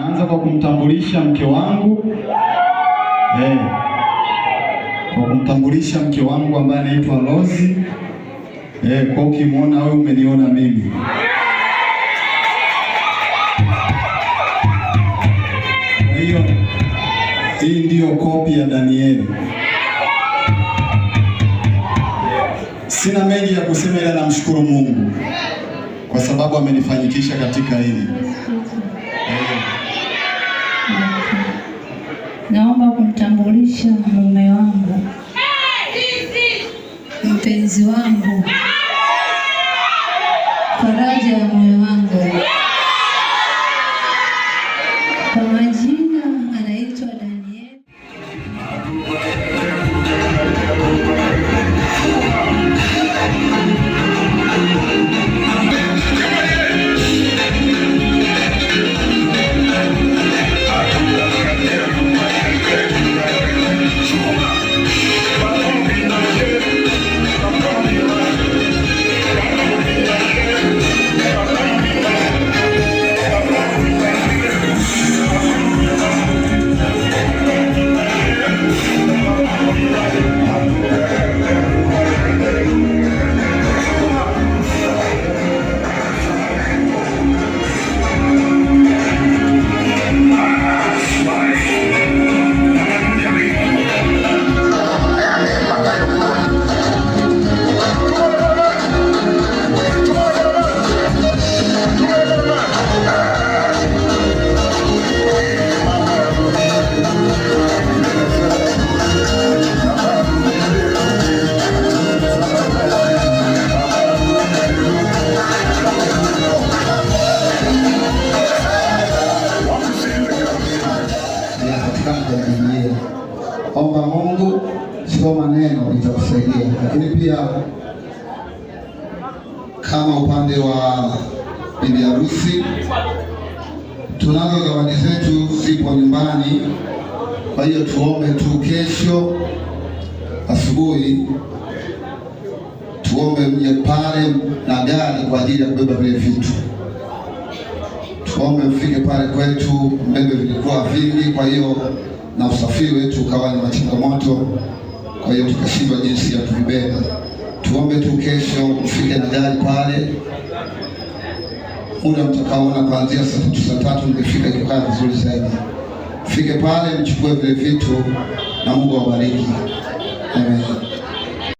Naanza kwa kumtambulisha mke wangu hey. Eh. Kwa kumtambulisha mke wangu ambaye anaitwa Rose hey. Eh, kwa ukimwona wewe umeniona mimi hiyo. Hii ndiyo kopi ya Danieli. Sina mengi ya kusema, ila namshukuru Mungu kwa sababu amenifanyikisha katika hili. Naomba kumtambulisha mume wangu, mpenzi wangu, faraja ya omba Mungu, sio maneno itakusaidia. Lakini pia kama upande wa bibi harusi, tunazo zawadi zetu zipo nyumbani. Kwa hiyo tuombe tu kesho asubuhi tuombe mje pale na gari kwa ajili ya kubeba vile vitu. Tuombe mfike pale kwetu mbebe vilikuwa vingi, kwa hiyo na usafiri wetu ukawa ni matinga moto. Kwa hiyo tukashindwa jinsi ya kuvibeba. Tuombe tu kesho mfike na gari pale, muda mtakaona kuanzia saa tatu saa tatu mkifika kikaa vizuri zaidi. Mfike pale mchukue vile vitu, na Mungu awabariki. Amen.